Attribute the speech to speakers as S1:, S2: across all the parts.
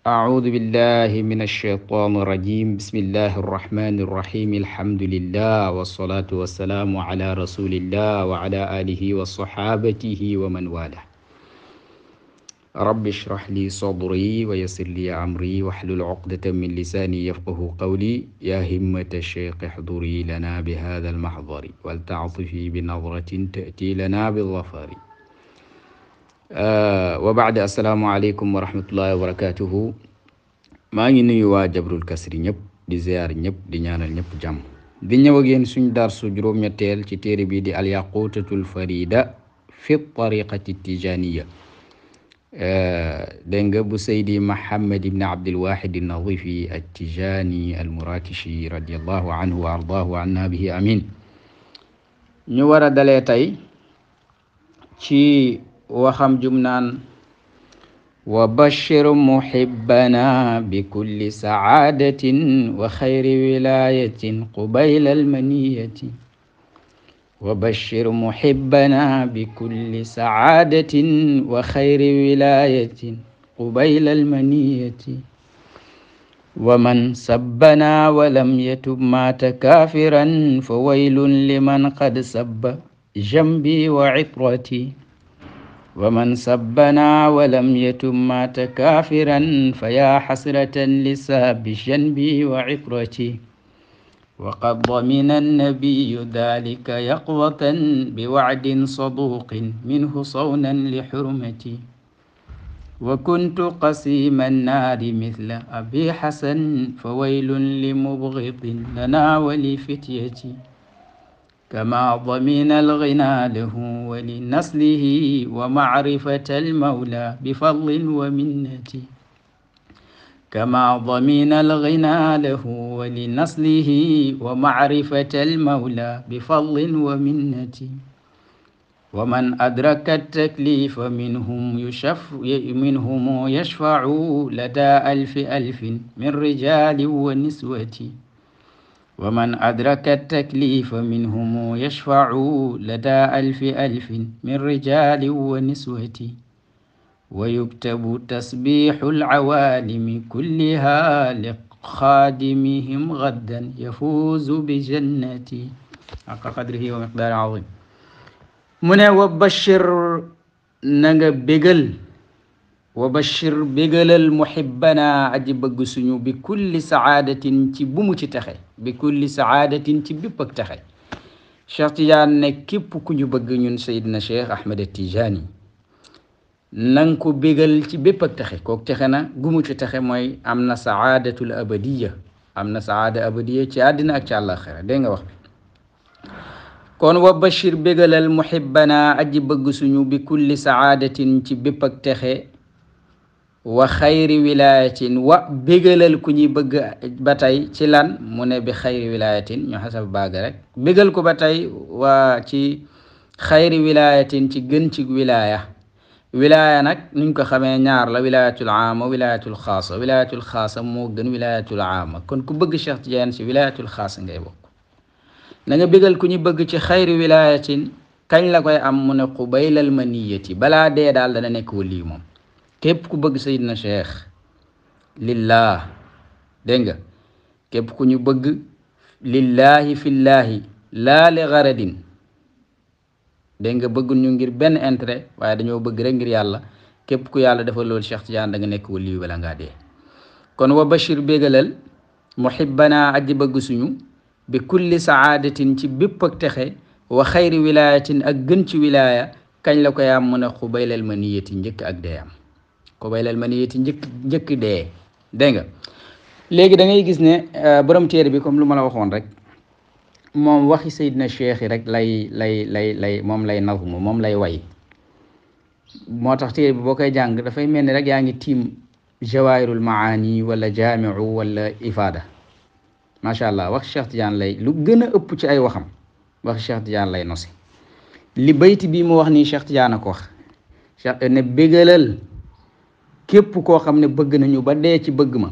S1: أعوذ بالله من الشيطان الرجيم بسم الله الرحمن الرحيم الحمد لله والصلاة والسلام على رسول الله وعلى آله وصحابته ومن والاه رب اشرح لي صدري ويسر لي أمري واحلل عقدة من لساني يفقه قولي يا همة الشيخ احضري لنا بهذا المحضر ولتعطفي بنظرة تأتي لنا بالظفر آه، وبعد السلام عليكم ورحمة الله وبركاته ما ينوي واجبر الكسر نب دي زيار نب دي نيان نب جام دي نيو غين سوني دار سو جروم نيتيل سي تيري بي دي الياقوتة الفريدة في الطريقة التجانية آه، دنگ بو سيدي محمد بن عبد الواحد النظيف التجاني المراكشي رضي الله عنه وارضاه عنا به امين ني ورا دالاي تاي وخم جمنان وبشر محبنا بكل سعادة وخير ولاية قبيل المنية وبشر محبنا بكل سعادة وخير ولاية قبيل المنية ومن سبنا ولم يتب مات كافرا فويل لمن قد سب جنبي وعطرتي ومن سبنا ولم يتم مات كافرا فيا حسرة لساب جنبي وعفرتي وقد ضمن النبي ذلك يقظة بوعد صدوق منه صونا لحرمتي وكنت قسيم النار مثل أبي حسن فويل لمبغض لنا ولفتيتي كما ضمن الغنى له ولنسله ومعرفة المولى بفضل ومنة كما ضمن الغنى له ولنسله ومعرفة المولى بفضل ومنة ومن أدرك التكليف منهم يشف منهم يشفع لدى ألف ألف من رجال ونسوة ومن أدرك التكليف منهم يشفع لدى ألف ألف من رجال ونسوة ويكتب تسبيح العوالم كلها لخادمهم غدا يفوز بجنتي حق قدره ومقدار عظيم من وبشر نغا بقل وبشر بغل المحبنا عجب بغسنو بكل سعادة تبو متتخي بكل سعادة تبو بكتخي شيخ تيجان نكيب كنجو بغنون سيدنا شيخ أحمد التيجاني ننكو بغل تبو بكتخي كوك تخينا غمو تتخي موي أمنا سعادة الأبدية أمنا سعادة أبدية تيادنا أكتش الله خير دينغا وخبي كون وبشر بغل المحبنا عجب بغسنو بكل سعادة تبو بكتخي wa xayri wilayatin wa bégalal ku ñuy bëgg ba tey ci lan mu ne bi xayri wilayatin ñu xasab baaga rek bégal ko ba tey ci xayri wilayatin ci gën ci wilaya wilaya nag nuñ ko xamee ñaar la wilayatul aama wilayatul xaasa wilayatul xaasa moo gën wilayatul aama kon ku bëgg Cheikh Tidiane si wilayatul xaasa ngay bokk na nga bégal ku ñu bëgg ci xayri wilayatin kañ la koy am mu ne qubaylal maniyati balaa dee daal dana nekk wali moom képp ku bëgg Seydina Cheikh lillaa dégg nga képp ku ñu bëgg lillaahi fillaahi laa li garadin dégg nga bëgg ñu ngir benn intérêt waaye dañoo bëgg rek ngir yàlla képp ku yàlla dafa loolu Cheikh Tidiane da nga nekk waliyu bala ngaa dee kon wa bashir bégalal muhibbana aji bëgg suñu bi kulli saadatin ci bépp ak texe wa xayri wilaayatin ak gën ci wilaaya kañ la ko yaam mën a xubaylal ma niyati njëkk ak deyam ko waylal maniyati njëkk njëkk dee dégg nga léegi da ngay gis ne borom téere bi comme lu ma la waxoon rek moom waxi Seydina Cheikh yi rek lay lay lay lay moom lay nazmu moom lay way moo tax téere bi boo koy jàng dafay mel ni rek yaa ngi tiim jawaahirul maani wala jaamiu wala ifaada macha allah wax Cheikh Tidiane lay lu gën a ëpp ci ay waxam wax Cheikh Tidiane lay nosi li bayti bii mu wax nii Cheikh Tidiane ko wax ne bégalal képp koo xam ne bëgg nañu ba dee ci bëgg ma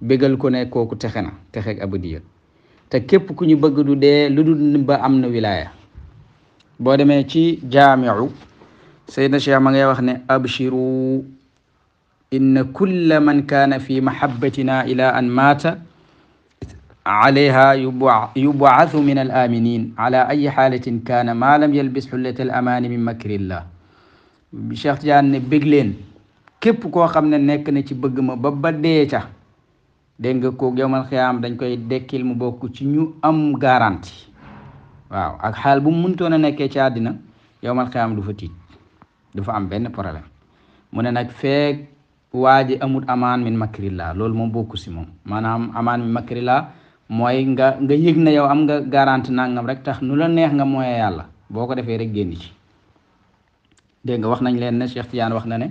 S1: bégal ko ne kooku texe na texeeg abadiya te képp ku ñu bëgg du dee lu dul ba am na wilaaya boo demee ci jaamiu saydna cheikh ma ngay wax ne abshiru inna kulla man kaana fi mahabbatina ila an maata عليها يبعث من الآمنين على أي حالة كان ما لم يلبس حلة الأمان من مكر الله شيخ جان بيجلين képp koo xam ne nekk na ci bëgg ma ba ba dee ca dégg nga ko yowmal xiyaam dañ koy dekkil mu bokk ci ñu am garantie waaw ak xaal bu mu mëntoon a nekkee ci àddina yowmal xiyaam du fa tiit du fa am benn problème mu ne nag feeg waa amut amul amaan min makrilla loolu moom bokku si moom maanaam amaan min makrilla mooy nga nga yëg na yow am nga garantie nangam rek tax nu la neex nga mooyee yàlla boo ko defee rek génn ci dégg nga wax nañ leen ne Cheikh Tidiane wax na ne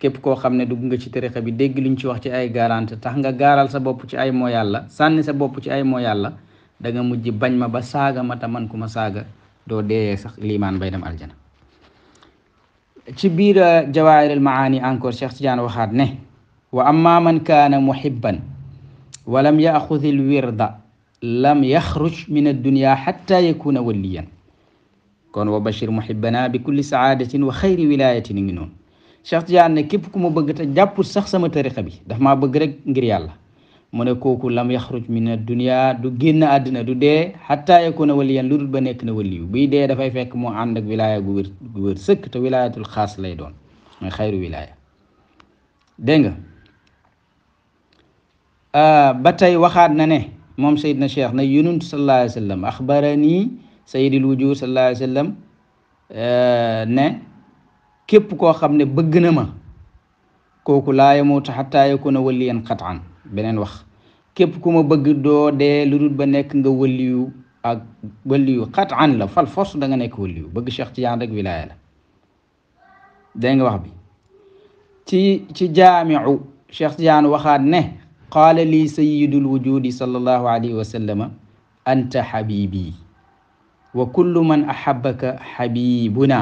S1: képp koo xam ne dugg nga ci tarixa bi dégg liñ ci wax ci ay garante tax nga gaaral sa bopp ci ay moo yàlla sànni sa bopp ci ay moo yàlla da nga mujj bañ ma ba saaga ma ta man ku ma saaga doo deeyee sax limaan bay dem aljana ci biir al maani encore Cheikh Tidiane waxaat ne wa amma man kaana muhibban wa lam yaxud al wirda lam yaxruj min addunya xatta yakuna waliyan kon wa bashir muhibbana bi kulli saadatin wa xayri wilayatin ngi noonu Cheikh Tidiane ne képp ku ma bëgg te jàppul sax sama tarixa bi daf maa bëgg rek ngir yàlla mu ne kooku lam yaxruj min dunia du génn àddina du dee xatta yakuna waliyan lu dul ba nekk na waliyu buy dee dafay fekk mu ànd ak wilaya gu wér sëkk te wilayatul xaas lay doon mooy xayru wilaya dégg ah, ba tey waxaat na ne moom sayidna cheikh na yonent sallallahu alayhi wa sallam axbarani sayidil wujud ne képp koo xam ne bëgg na ma kooku laa yamuutu xattaa yakuna waliyan xataan beneen wax képp ku ma bëgg doo dee lu dul ba nekk nga waliyu ak waliyu xataan la fal force da nga nekk waliyu bëgg Cheikh Tidiane rek wilaaya la dégg nga wax bi ci ci jaamiu Cheikh Tidiane waxaat ne qaala lii sayidul wujudi sallallahu alayhi wa sallama anta xabibi wa kullu man ahabaka xabibuna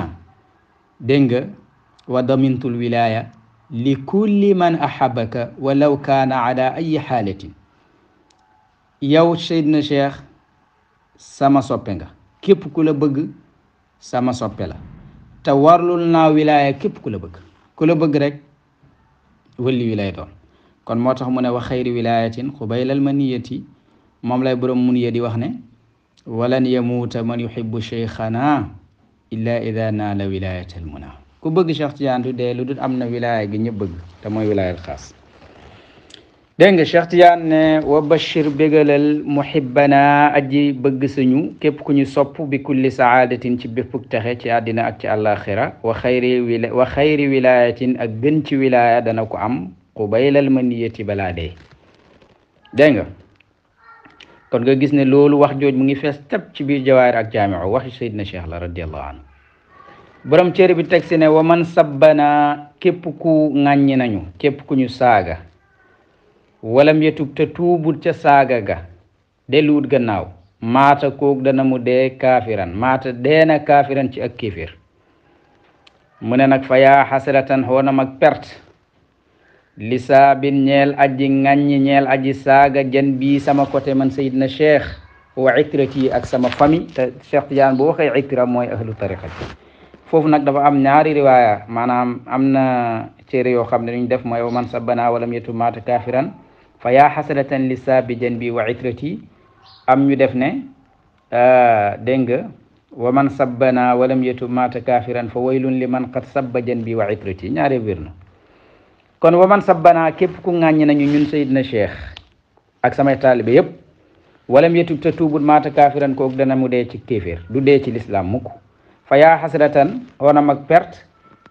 S1: dégg nga wa damintul wilaya li kulli man ahabaka walaw kaana ala ayi xaalatin yow Seydina Cheikh sama soppe nga képp ku la bëgg sama soppe la te warlul naa wilaya képp ku la bëgg ku la bëgg rek wëlli wi lay doon kon moo tax mu ne wa xayri wilayatin xubaylal maniyati moom lay borom mun ye di wax ne walan yamuuta man yuhibbu cheikhana illaa ida naala wilaayatal muna ku bëgg Cheikh Tidiane du dee lu dul am na wilaaya gi ñëpp bëgg te mooy wilaayal xaas dégg nga Cheikh Tidiane ne wa bashir bégalal muhibbana aji bëgg suñu képp ku ñu sopp bi kulli saadatin ci bépp texe ci àddina ak ci àllaaxira wa xayri wila wa xayri wilaayatin ak gën ci wilaaya dana ko am qubaylal maniyati balaa dee dégg nga kon nga gis ne loolu wax jooj mu ngi fees tepp ci biir jawaahir ak jaamiu waxi sayyidina cheikh la radiallahu anhu borom téere bi teg si ne wa man sabbana képp ku ŋàññi nañu képp ku ñu saaga walam yetub te tuubul ca saaga ga delluwut gannaaw maata koog dana mu dee kaafiran maata deena kaafiran ci ak kéefir mu ne nag fa yaa xasratan xoonam ak perte lisaabin ñeel aji ŋàññi ñeel aji saaga jën bii sama côté man sayidna cheikh wa itrati ak sama famille te cheikh Tidiane bu waxee mooy ahlu tariqa foofu nag dafa am ñaari riwaaya maanaam am na téere yoo xam ne lu def mooy wa man sabbana walam yetu maata kaafiran fa yaa xasadatan li saabi jën bi wa itrati am ñu def ne euh, dégg nga wa man sabbana walam yetu maata kaafiran fa waylun li man qad sabba jën bi wa itrati ñaari wér kon man waman sabbana képp ku ŋàññi nañu ñun sayidna cheikh ak samay taalibe yépp walam yetub te tuubul maata kaafiran kooku dana mu dee ci kéeféer du dee ci lislaam mukk fa yaa xasratan onam ak perte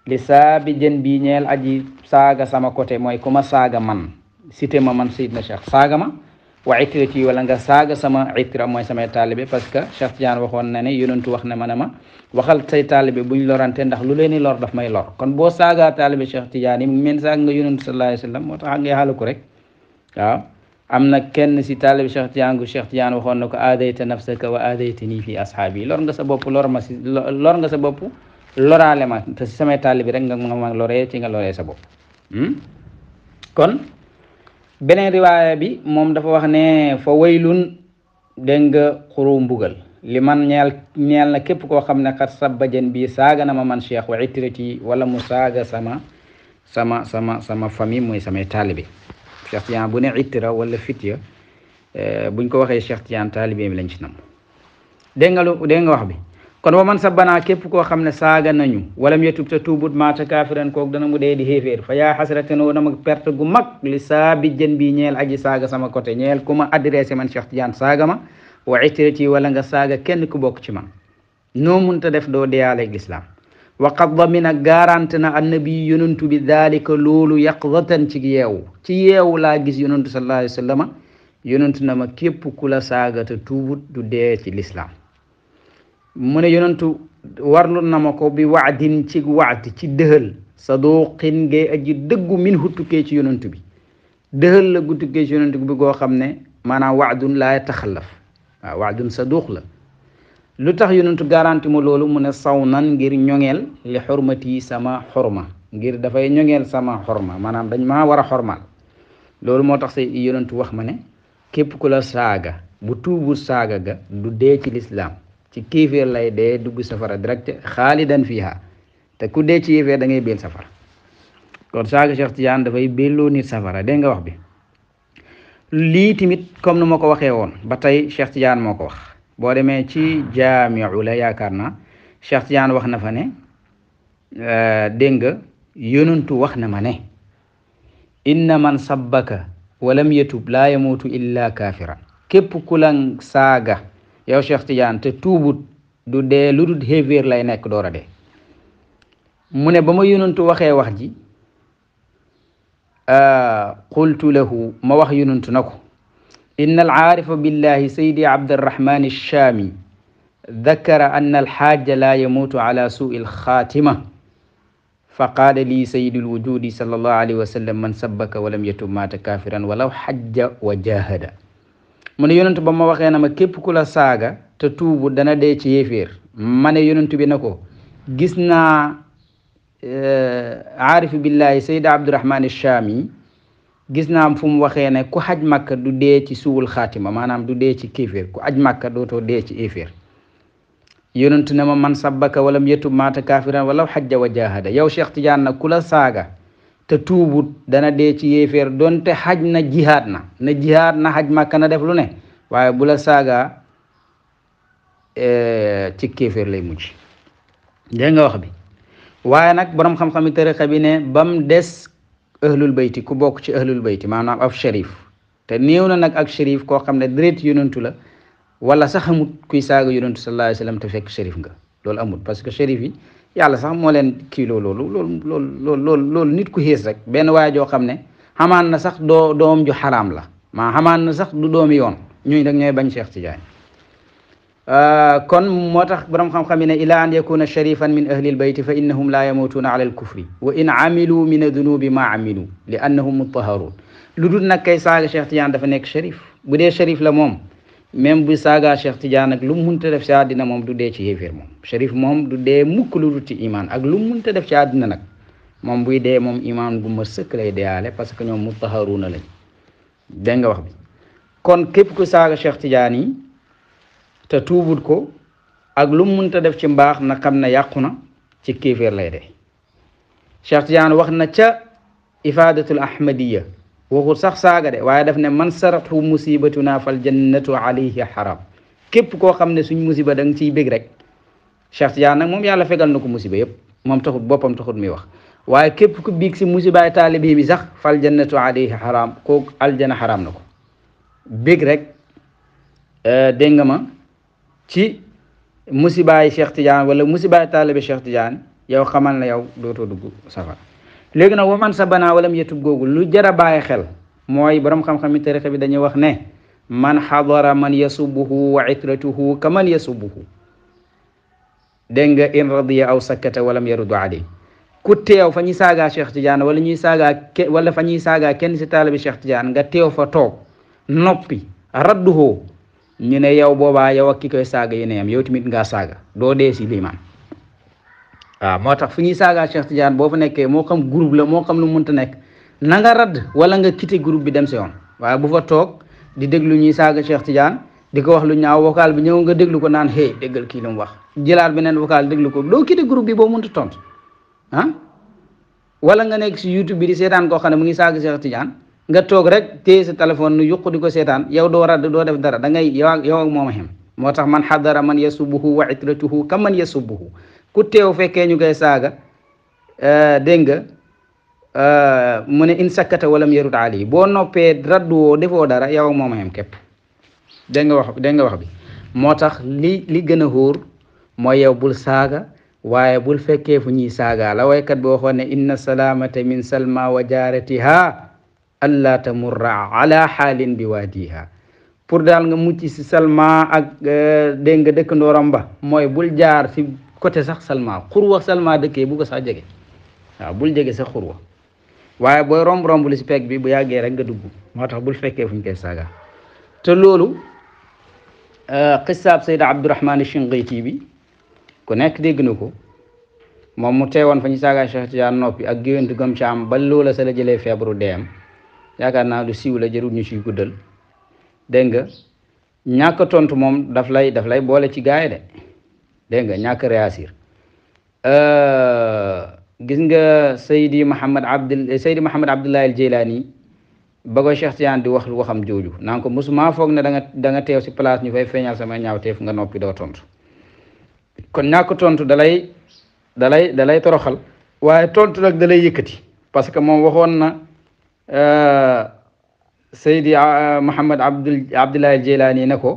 S1: li saabi jën bii ñeel aji saaga sama côté mooy ku saaga man cité ma man sayidna cheikh saaga ma wa itrati wala nga saaga sama itra mooy samay taalibe parce que Cheikh Tidiane waxoon na ne yonentu wax ne ma ne ma waxal say taalibe buñ lorante ndax lu leen di lor daf may lor kon boo saagaa taalibe Cheikh Tidiane yi men saaga nga yonentu sallallahu alayhi wa sallam moo tax ngay xaalaku rek waaw am na kenn si taalibe Cheikh Tidiane gu Cheikh Tidiane waxoon na ko aadayta nafsaka wa aadaytanii fi ashaabi lor nga sa bopp lor ma si lor nga sa bopp loraale ma te si samay taalibe rek nga ma loree ci nga loree sa bopp kon beneen riwaaya bi moom dafa wax ne fa waylun dégg nga xuru mbugal li man ñeel ñeel na képp koo xam ne kat sabba jën bi saaga na ma man cheikh wa itrati wala mu saaga sama sama sama sama famille mooy samay taalibe cheikh tiyan bu ne ittira wala fitya eh, buñ ko waxee cheikh tiyan taalibe bi lañ ci nam dégg nga lu dégg wax bi kon wa man sabbanaa képp koo xam ne saaga nañu wala walam yatub te tuubut maata kaafiran kook dana mu dee di xéeféer fa yaa xasratanoo dama perte gu mag li saabi jën bi ñeel aji saaga sama côté ñeel ku ma adressé man Cheikh Tidiane saaga ma wa itrati wala nga saaga kenn ku bokk ci man noo munta def doo deyaaleeg lislaam wa qad damina garante na annabi yonantu bi daalika loolu yaqdatan ci yeewu ci yeewu laa gis yonantu sallallahu alayhi wa sallama yonantu na ma képp ku la saaga te tuubut du dee ci mu ne war warlu na ma ko bi waadin ci waad ci dëhël saduqin gay aji dëggu min hutukee ci yonantu bi dëhël la gutukee ci yonantu bi goo xam ne maanaam waadun laa taxalaf waaw waadun saduq la lu tax yonantu garanti ma loolu mu ne saw nan ngir ñoŋeel li xormati sama xorma ngir dafay ñoŋeel sama xorma maanaam dañ ma war a xormaal loolu moo tax say yonantu wax ma ne képp ku la saaga bu tuubul saaga ga du dee ci lislaam ci kéeféer lay dee dugg safara direct xaalidan fiha te ku dee ci yéeféer da ngay béel safara kon saaga Cheikh Tidiane dafay béelloo nit safara dégg nga wax bi lii tamit comme nu ma ko waxee woon ba tey Cheikh Tidiane ko wax boo demee ci jaamiu la yaakaar naa Cheikh wax na fa ne euh, dégg nga yonantu wax na ma ne inna man sabbaka walam yatub laa yamuutu illa kaafiran képp ku saaga yow Cheikh Tidiane te tuubut du dee lu dul xéeféer lay nekk door a dee mu ne ba ma yonantu waxee wax ji ah, qultu lahu ma wax yonantu na ko inna alaarifa billahi saydi abdirahmani alchaami dakara anna alxaaja laa yamuutu ala suui alxaatima fa qaala lii sayidul wujudi sallallahu alayhi wa sallam man sabbaka walam yatub maata kaafiran walaw xajja wa jahada mu ne yonent ba ma waxee na ma képp ku la saaga te tuubu dana dee ci yéeféer ma ne yonent bi na ko gis naa eh, aarifu billahi sayda abdurahman shaami gis naa fu mu waxee ne ku xaj màkka du dee ci suwul xaatima maanaam du dee ci kéeféer ku aj màkka dootoo dee ci yéeféer yonent ne ma man sabbaka walam yetub maata wala walaw xajja wa jaahada yow Cheikh Tidiane nag ku la saaga te tuubut dana dee ci yéeféer donte xaj na jihaad na na jihaad na xaj màkka na def lu ne waaye bu la saaga eh, ci kéeféer lay mujj dégg nga wax bi waaye nag borom xam-xami tariqa bi ne bam des ahlul bayti ku bokk ci ahlul bayti maanaam af sharif te néew na nag ak sharif koo xam ne deret yonentu la wala sax amut kuy saaga yonentu sallallahu alayhi wa te fekk sharif nga loolu amut parce que sharif yi yàlla sax moo leen kii loolu loolu loolu loolu loolu nit ku xiis rek benn waay joo xam ne xamaan na sax doo doom ju xaraam la ma xamaan na sax du doomi yoon ñuy rek ñooy bañ Cheikh Tidiane kon moo tax borom xam-xam yi ne ila an yakuna sharifan min ahli lbayti fa innahum la yamutuna ala alkufri wa in amilu min adunubi ma amilu li annahum mutaharun lu dul nag kay saaga Cheikh Tidiane dafa nekk sharif bu dee sharif la moom même bu saga Cheikh Tidiane ak lu mu munta def ci adina mom du de ci yefir mom Cherif mom du de mukk lu ruti iman ak lu mu munta def ci adina nak mom buy de mom iman bu ma seuk lay deeyaale parce que ñom mutahharuna lañ de nga wax bi kon kep ku saga Cheikh Tidiane yi te tuubut ko ak lu mu munta def ci mbax na xamna yakuna ci kéeféer lay de Cheikh Tidiane wax na ca ifadatul ahmadiyya waxul sax saaga de waaye daf ne man saratu musibatuna fal jannatu alayhi haram képp koo xam ne suñ musiba da nga ciy bég rek Cheikh Tidiane nag moom yàlla fegal na ko musiba yëpp moom taxut boppam taxut muy wax waaye képp ku biig si musibaay taalibi bi sax fal jannatu alayhi haram kooku aljana haram na ko bég rek dégg nga ma ci musibaay Cheikh Tidiane wala musibaay taalibi Cheikh Tidiane yow xamal na yow dootoo dugg safara léegi nag waman sa banaa walam yetub googu lu jara bàyyi xel mooy borom xam-xami tarixa bi dañuy wax ne man xadara man yasubuhu wa itratuhu ka man yasubuhu dégg nga in radiya aw sakkata walam yarudu alay ku teew fa ñuy saagaa Cheikh Tidiane wala ñuy saagaa ke wala fa ñuy saagaa kenn si taalibi Cheikh Tidiane nga teew fa toog noppi radduhoo ñu ne yow boobaa yow ak ki koy saaga yéen a yam yow tamit nga saaga doo dee si liimaan waaw ah, moo tax fu ñuy saagaa Cheikh Tidiane boo fa nekkee moo xam groupe la moo xam lu munta nekk na nga rad wala nga quitté groupe bi dem si yoon waaye bu fa toog di déglu ñuy saaga Cheikh Tidiane di ko wax lu ñaaw vocal bi ñëw nga déglu ko naan hey déggal kii lu mu wax jëlaat beneen vocal déglu ko doo quitté groupe bi boo munta tont ah wala nga nekk si YouTube bi di seetaan koo xam ne mu ngi saaga Cheikh Tidiane nga toog rek téye sa téléphone nu yuq di ko seetaan yow doo rad doo def dara da ngay yow ak yow ak moom a xem moo tax man xadara man yasubuhu wa itratuhu ka man yasubuhu ku teew fekkee ñu koy saaga dégg nga mu ne in sakkata walam yarut ali boo noppee radduwoo defoo dara yow moom a yem képp dégg nga wax dégg nga wax bi moo tax li li gën a xóor mooy yow bul saaga waaye bul fekkee fu ñuy saaga la waykat bi waxoon ne inna salaamata min salma wa jaaratiha alla tamurra ala xaalin bi waadiha pour daal nga mucc si salma ak dégg nga dëkkandooram ba mooy bul jaar si côté sax salma xurwa salma dëkkee bu ko sax jege waaw bul jege sax xurwa waaye booy romb-romb li si peeg bi bu yàggee rek nga dugg moo tax bul fekkee fu ñu koy saaga te loolu xisaab euh, sayda abdourahman Shinqiti bi ku nekk dégg na ko moom mu teewoon fa ñu saaga a Tidiane noppi ak géwantu gam ci am ba loola sa la jëlee feebaru deem yaakaar naa lu siiw la jërul ñu ciy guddal dégg nga ñàkk tontu moom daf lay daf lay boole ci gaay de دينغا نياك رياسير ا آه، غيسغا سيدي محمد عبد سيدي محمد عبد الله الجيلاني بغا شيخ تيان دي واخ وخم جوجو نانكو موسما فوك نا داغا داغا تيو سي بلاص ني فاي فينال سما نياوتيف غا نوبي دو تونت كون نياكو تونت دالاي دالاي دالاي توروخال واي تونت نك دالاي ييكتي باسكو موم واخون نا آه، سيدي آه، محمد عبد عبد الله الجيلاني نكو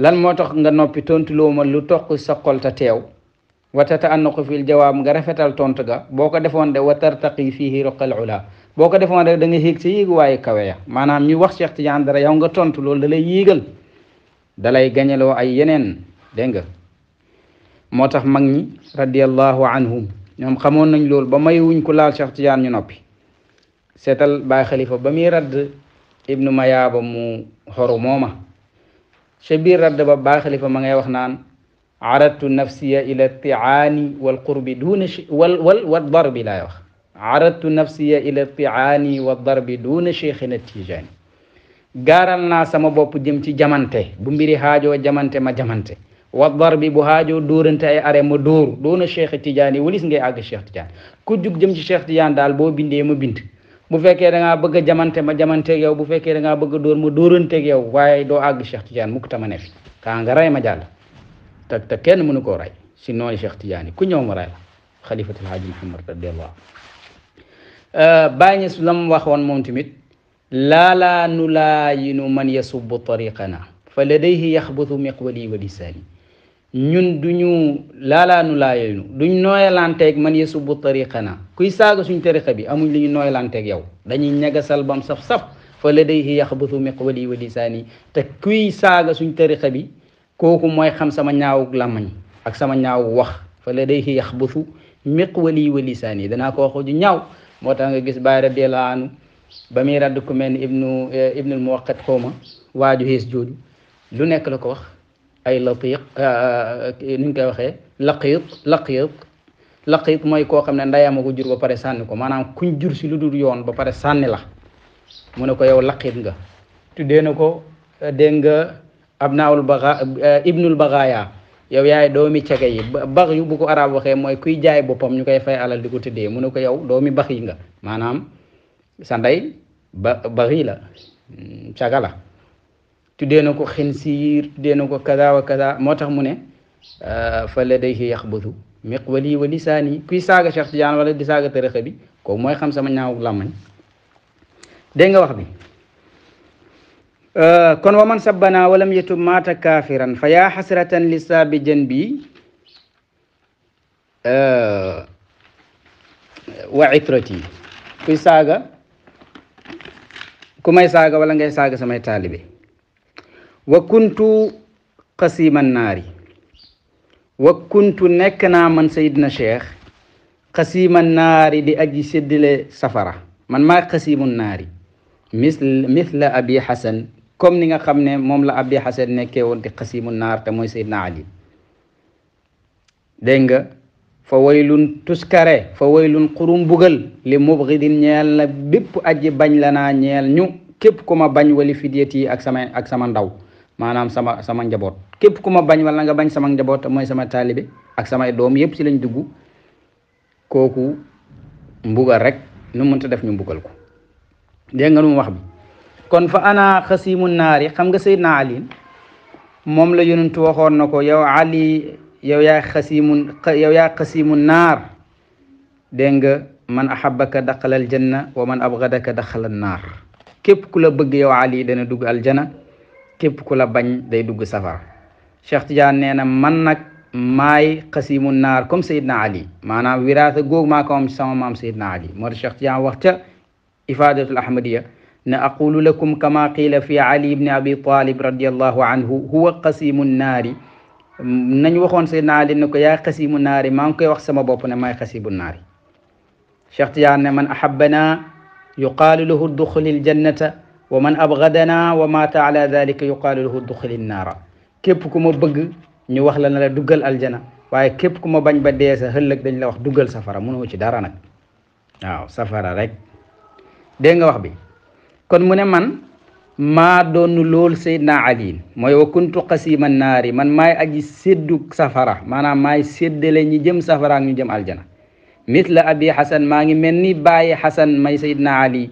S1: lan moo tax nga noppi tontuloo ma lu toq sa xol ta teew watata ko fil jawab nga rafetal tont ga boko defon de wa tartaqi fihi raqal ula boko defon de da nga yéeg ci yigu waaye kawe ya maanaam ñu wax Cheikh Tidiane dara yow nga tontu lol da lay yéegal da lay ay yenen de nga motax tax mag ñi anhum ñom xamoon nañ lol ba wuñ ko laal Cheikh Tidiane ñu noppi setal Baay khalifa ba mi rad ibnu Mayaaba mu horo moma ca biir radd ba baa xalifa ma ngay wax naan aradtu nafsiya ila tiaani wal qurbi duuna wal wal wal darbi laay wax aradtu nafsiya ila tiaani wal darbi duuna cheikhina tijaani gaaral naa sama bopp jëm ci jamante bu mbiri haajoo jamante ma jamante wal darbi bu haajoo dóorante ay are ma dóor doona cheikh tijaani walis ngay àgg cheikh tijaani ku jug jëm ci cheikh tijaani daal boo bindee ma bind bu fekkee da ngaa bëgg a jamante ma ak yow bu fekkee da ngaa bëgg a dóor ma ak yow waaye doo àgg Cheikh Tidiane mukk tama ne fi kaa nga ray ma jàll te te kenn mënu koo ray si noonu Cheikh Tidiane ku ñëw ma ray la xalifatul haaji bàyyi ñu la mu waxoon moom tamit nu man yasubbu tariqana fa ladayhi miqwali wa ñun du ñu laalaanu laayeynu duñ nooyalanteeg man yasubu tariqana kuy saaga suñ tariqa bi amuñ li ñu nooyalanteeg yow dañuy ñagasal bam saf-saf fa ladayhi yaxbutu miqwali wa lisaani te kuy saaga suñ tariqa bi kooku mooy xam sama ñaawug làmmañ ak sama ñaawu wax fa ladayhi yaxbutu miqwali wa lisaani danaa ko waxu ju ñaaw moo tax nga gis bàyyi radiallahu anhu ba muy radd ku mel ni ibnu eh, ibnul muwaqat xawma waaju xiis jooju lu nekk la ko wax ay latiq euh, euh, ni ñu koy waxee laqiit laqiit laqiit mooy koo xam ne ndeyama ko jur ba pare sànni ko maanaam kuñ jur si lu dul yoon ba pare sànni la mu ne ko yow laqiit nga tuddee na ko euh, dégg nga abnaawul baga ibnul ya yow yaay doomi cege yi bax yu bu ko arab waxee mooy kuy jaay boppam ñu koy fay alal di ko dee mu ne ko yow doomi bax yi nga maanaam sa ndey ba la hmm, caga la tuddee na ko xinsiir tuddee na ko kada wa kada moo tax mu ne fa ladayhi yaxbutu miqwali wa lisaani kuy saaga Cheikh Tidiane wala di saaga tarixa bi kooku mooy xam sama ñaawu làmmañ dégg nga wax bi kon wa man sabbana walam yetub maata kaafiran fa yaa xasratan li saabi jën bi wa itrati kuy saaga ku may saaga wala ngay saaga samay taalibe وكنت قسيم النار وكنت نكنا من سيدنا شيخ قسيم النار لأجي سدل سفرة من ما قسيم النار مثل مثل أبي حسن كم نيغا خامني موم لا ابي حسن نيكي وون دي قسيم النار تموي سيدنا علي دنگ فويل تسكاري فويل قرم بوغل لمبغض نيال بيب اجي باج لنا نيال نيو كيب كوما باج ولي فيديتي اك سما اك manam sama sama njabot kep kuma ma bañ wala nga bañ sama njabot moy sama taalibe ak sama dom yep ci lañ dugg koku mbuga rek nu mënta def ñu mbugal ko de nga wax bi kon fa ana khasimun nari xam nga sayyidna Ali mom la yonent waxon nako yow Ali yow ya khasimun yow ya khasimun nar de nga man ahabbaka al aljanna wa man abghadaka dakhala an-nar kep kula bëgg yow Ali dana dugg aljana képp ku la bañ day dugg safara Cheikh Tidiane nee na man nag maay xasimu naar comme Seydina Ali maanaam wiraasa googu maa ko am sama maam Seydina Ali moo tax Cheikh Tidiane wax ca ifadatul ahmadiya ne aqulu lakum kama qila fi ali ibni abi talib radiallahu anhu huwa qasimu naari nañu waxoon Seydina Ali ne ko yaa xasimu naari maa ngi koy wax sama bopp ne maay xasimu naari Cheikh Tidiane ne man ahabbana yuqaalu lahu duxulil jannata ومن أبغدنا ومات على ذلك يقال له دخل النار كيف كما بغ ني واخ لا الجنه واي كيف كما باج با ديسا هلك دنج لا واخ دوغال منو شي دارا نك واو آه، رك دنج واخ بي كون من من ما دون لول سيدنا علي موي وكنت قسيم النار من ماي اجي سدوك سفر مانا ماي سدل ني جيم سفر ني جيم الجنه مثل ابي حسن ماغي مني باي حسن ماي سيدنا علي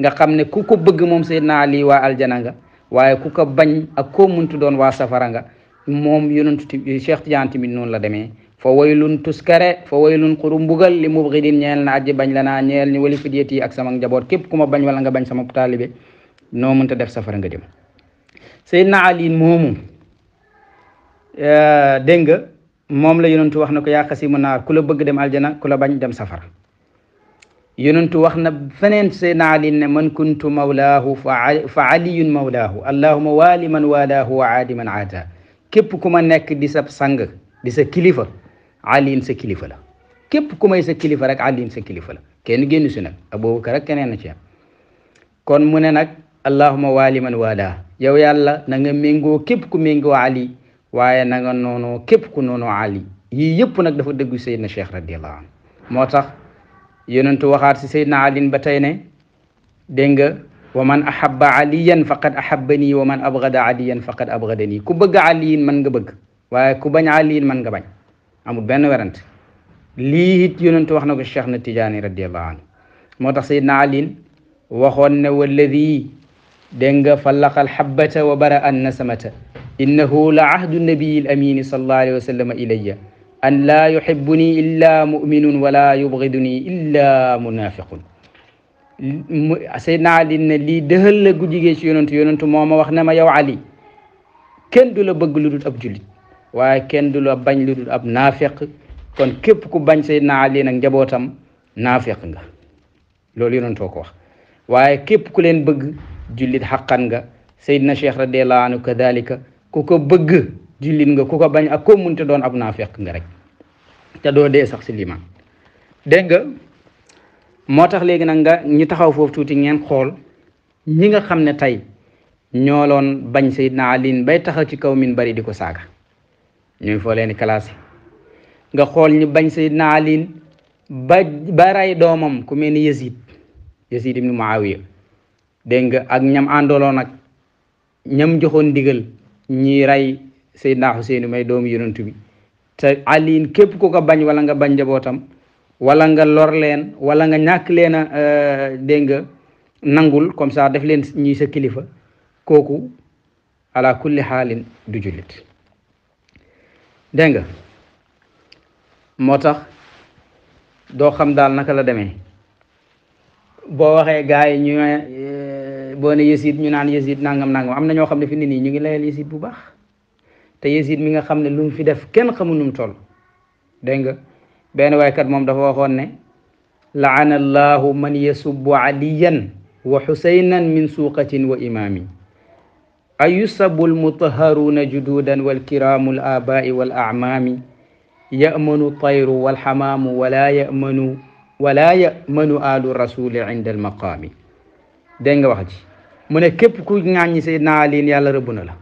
S1: nga xam ne ku ko bëgg moom Seydina Ali waa aljana nga waaye ku ko bañ ak koo muntu doon waa safara nga moom yonent Cheikh Tidiane tamit noonu la demee fa waylun tuskare fa waylun xuru mbugal li mubghidin ñeel na aji bañ la na ñeel ñu wali fidiyat yi ak sama njaboot képp ku ma bañ wala nga bañ sama be noo mënta def safara nga jëm Seydina Ali moomu eh, dégg nga moom la yonentu wax na ko yaa xasimu naar ku la bëgg dem aljana ku la bañ dem safara yonentu wax na feneen seydna ali ne man kuntu mawlaahu fa aliyun mawlaahu allahuma waali man walaahu wa aadi man aata képp ku ma nekk di sa sang di sa kilifa aliin sa kilifa la képp ku may sa kilifa rek aliin sa kilifa la kenn génn si nag abubakar rek keneen na ci am kon mu ne nag allahuma waali man walaa yow yàlla na nga méngoo képp ku méngoo ali waaye na nga noonoo képp ku noonoo ali yii yëpp nag dafa dëggu seydna cheikh radiallahu anhu moo tax yonentu waxaat si Seydina Ali ba tey ne dégg ahabba aliyan faqad ahabbani wa man abgada aliyan faqad abgadani ku bëgg aliyin mën nga bëgg waaye ku bañ aliyin mën nga bañ amul benn werante lii it yonentu wax na ko Cheikh na Tijaani radiallahu anhu moo tax Seydina Ali waxoon ne walladi dégg nga fallaqa alhabbata wa bara an nasamata innahu la ahdu nabiyi al amini sallallahu alayhi wa sallam ilayya أن لا يحبني إلا مؤمن ولا يبغضني إلا منافق Seydina Ali ne lii dëxal la gu jigee ci yonantu yonantu moo ma wax ne ma yow Ali kenn du la bëgg lu dul ab jullit waaye kenn du la bañ lu dul ab naafeq kon képp ku bañ Seydina Ali nag njabootam naafeq nga loolu yonantoo ko wax waaye képp ku leen bëgg jullit xaqan nga Seydina Cheikh radiallahu anhu kadalika ku ko bëgg jullit nga ku ko bañ ak koo munte doon ab na naafeq nga rek te doo dee sax si liman dégg nga moo tax léegi nag nga ñu taxaw foofu tuuti ngeen xool ñi nga xam ne tey ñooloon loon bañ Seydina Ali bay taxaw ci kaw min bari di ko saaga ñooy foo leen di classé nga xool ñu bañ Seydina Ali ba ba doomam ku mel ni Yazid Yazid ibnu Muawiya dégg nga ak ñam àndoloon ak ñam joxoon ndigal ñi ray Seydina Xuseenu may doomu yonent bi te aliin képp ku ko bañ wala nga bañ njabootam wala nga lor leen wala nga ñàkk leen a euh, dégg nga nangul comme ça def leen ñuy sa kilifa kooku ala kulli xaalin du jullit dégg nga moo tax doo xam daal naka la demee boo waxee gars yi ñu euh, boo ñu naan yësit nangam nangam am na ñoo xam ne fi ñu ngi layal yësit bu baax te yezid mi nga xam ne lu mu fi def kenn xamul nu mu toll dégg nga benn waaykat moom dafa waxoon ne laana allahu man yasubu aliyan wa xusaynan min suuqatin wa imaami ayusabu almutaharuuna juduudan walkiraamu alaabaai wal yamanu tayru walxamaamu wala yamanu wala yamanu alu rasuli inda almaqaami dégg nga wax ji mu ne képp ku ŋàññi Seydina Ali yàlla rëbb na la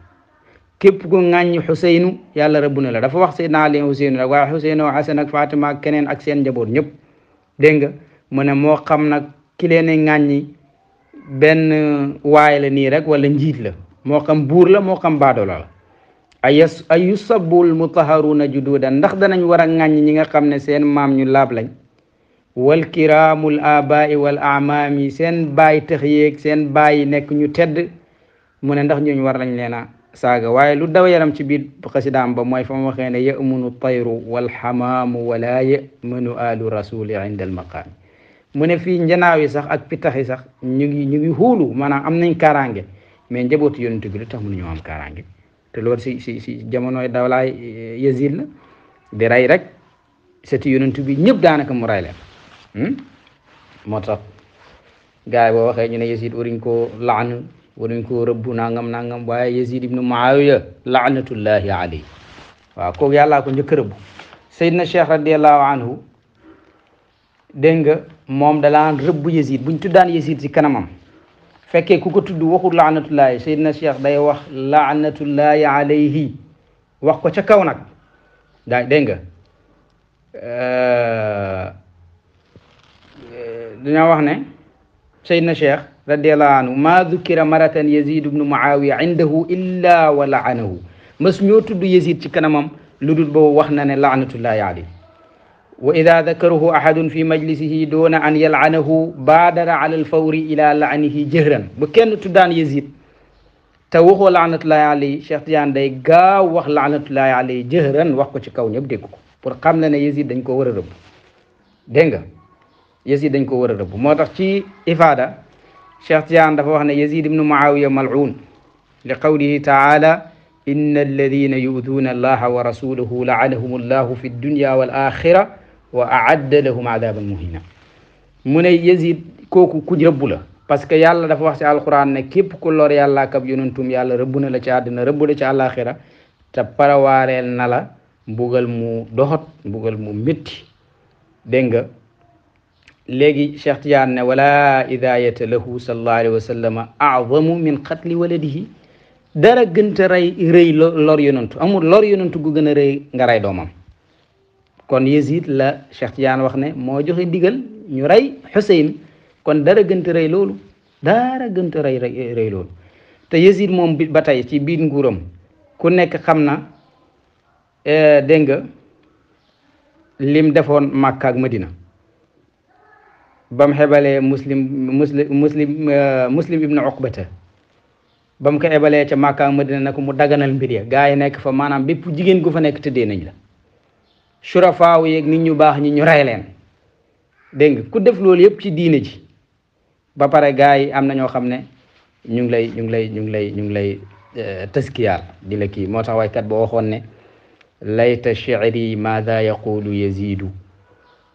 S1: képp ku ŋàññi xuseynu yàlla rëbb na la dafa wax Seydina Ali xuseynu nag waaye xuseynu Xasan ak Fatima ak keneen ak seen njaboot ñëpp dégg nga mu ne moo xam nag ki leen a benn waay la nii rek wala njiit la moo xam buur la moo xam baadoola la ayas ay yusabbul mutaharuna jududan ndax danañ war a ŋàññi ñi nga xam ne seen maam ñu laab lañ wal kiraamul abaai wal amaami seen baay tëx yéeg seen baay yi nekk ñu tedd mu ne ndax ñooñu war nañ leena saaga waaye lu daw yaram ci biir xasidaam ba mooy fa mu waxee ne yamunu tayru walxamaamu wala yamanu alu rasuli mu ne fii njanaaw yi sax ak pitax yi sax ñu ngi ñu ngi xuulu maanaam am nañ kaaraange mais njabootu yonent bi lu tax mënuñoo am kaaraange te loolu si si si jamonoy dawlaay eh, Yazid di rey rek seti yonent bi ñëpp daanaka mu rey leen hmm? ورنكو ربو نانغام نانغام باي يزيد بن معاوية لعنة الله عليه وكو يالا كون جك ربو سيدنا الشيخ رضي الله عنه دنگ موم دلان ربو يزيد بن تدان يزيد زي كنمام فكي كوكو تدو وخور لعنة الله سيدنا الشيخ داي وخ لعنة الله عليه وخكو تكاونك داي دنگ دنيا وخنا سيدنا الشيخ رضي الله عنه ما ذكر مرة يزيد بن معاوية عنده إلا ولعنه mës ñoo tudd Yazid ci kanamam lu dul boobu wax na ne laanatullahi alayh wa ida dakarahu ahadun fi majlisihi doona an yalanahu baadara ala alfawri ila laanihi jëhran bu kenn tuddaan Yazid te waxoo laanatullahi alayh Cheikh Tidiane day gaaw wax laanatullahi alayh jëhran wax ko ci kaw ñëpp dégg ko pour xam la ne Yazid dañ ko war a rëbb dégg nga Yazid dañ ko war a rëbb moo tax ci ifaada Cheikh Tijaan dafa wax ne yazid ibnu muawiya mal'un li qawlihi taala inna alladina yuduuna allaha wa rasulahu la'anahum allahu fi dunya wal axira wa aadda lahum adaban muhina mu ne yazid kooku ku rëbb la parce que yàlla dafa wax ci alquran ne képp ku lor yàlla ak ab yonentum yàlla rëbb na la ci àddina rëbb la ci àllaaxira te parawaareel na la mbugal mu doxat mbugal mu métti dégg nga léegi Cheikh Tidiane ne wala idaayata lahu sallallahu alayhi wa sallam azamu min qatli waladihi dara gënta rey rëy lor yonantu amul lor yonantu gu gën a rëy nga rey doomam kon Yazid la Cheikh Tidiane wax ne moo joxe ndigal ñu rey Xuseyn kon dara gënta rëy loolu dara gënta rëy rëy loolu te Yazid moom ba tey ci biir nguuram ku nekk xam na dégg nga lim defoon Màkka ak Madina بام هبالي مسلم مسلم مسلم مسلم ابن عقبته بام كيبالي تا ماكا مدينه نكو مو داغانال مبيريا غاي نيك فا مانام بيب جيجين كو فا نيك تدي نين لا شرفا ويك نين ني باخ ني ني راي لين دنگ كو ديف لول ييب سي دين جي با بار غاي امنا ньо خامني نيون لاي نيون لاي نيون لاي نيون لاي آه، تسكيال دي لكي موتا واي كات بو واخون ني ليت شعري ماذا يقول يزيد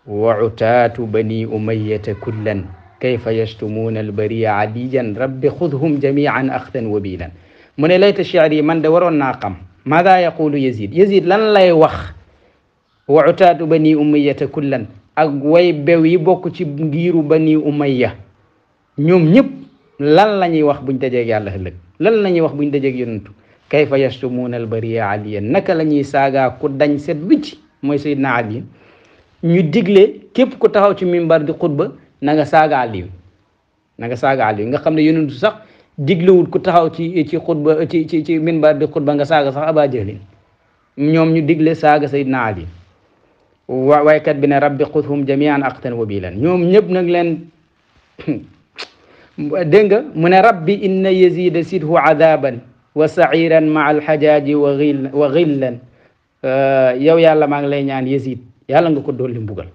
S1: wa cutaatu bani umayyata kullan kayfa yastumuuna albariya adiyan rabbi xudhum jamian axdan wabilan mu ne layta shiir yi man de waroon naa xam maada yaqulu yazid yazid lan lay wax wa cutaatu bani umayyata kullan ak way bew yi bokk ci ngiiru bani umayya ñoom ñëpp lan la ñuy wax buñ dajeeg yàlla ëllëg lan la ñuy wax buñ dajeeg yonentu kayfa yastumuuna albariya aliyan naka la ñuy saagaa ku dañ set wicc mooy sayidna aliyin ñu digle képp ku taxaw ci mimbar di khutba na nga saga Aliyu na nga saga Aliyu nga xamné yonentu sax diglé diglewut ku taxaw ci ci khutba ci ci ci mimbar di khutba nga saga sax Aba Jahlin ñom ñu digle saaga Seydina Ali way kat bi ne rabbi xudhum jamian aqtan wa bilan ñom ñep nak leen de nga mune rabbi inna yazid sidhu adaban wa sairan ma'al alxajaaji wa xill wa xillan yow yàlla ma ngi lay ñaan yazid yàlla nga ko dolli mbugal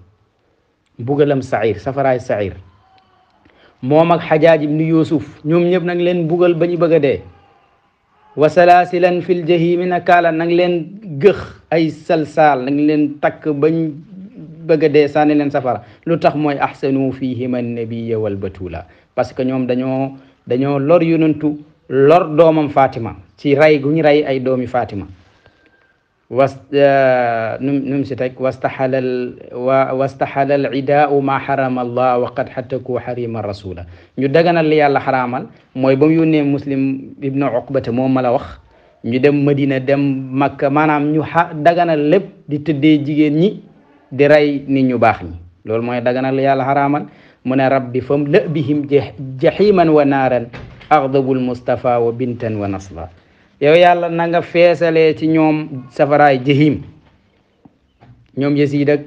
S1: mbugalam sair safaraay sair moom ak xajaaj ibnu yuusuf ñoom ñëpp nang leen mbugal ba ñu bëgg a dee wa salaasilan fil jahimi nakaala nang leen gëx ay salsaal nang leen takk bañ bëgg a dee sànni leen safara lu tax mooy ahsanu fihima nabiya wal batula parce que ñoom dañoo dañoo lor yonantu lor doomam fatima ci rey gu ñu rey ay doomi fatima آه، نمسك واستحل ال... العداء ما حرم الله وقد حتكوا حريم الرسول ني دغنا لي يالا حرامال موي بام يوني مسلم ابن عقبه مو مالا وخ ني دم مدينه دم مكه مانام ني دغنا لب دي تدي جيجن ني دي راي ني ني باخ ني لول موي دغنا لي يالا حرامال من ربي فم لبهم جحيما ونارا اغضب المصطفى وبنتا ونصلا yow yàlla na nga feesalee ci ñoom safaraay jahim ñoom yasiid ak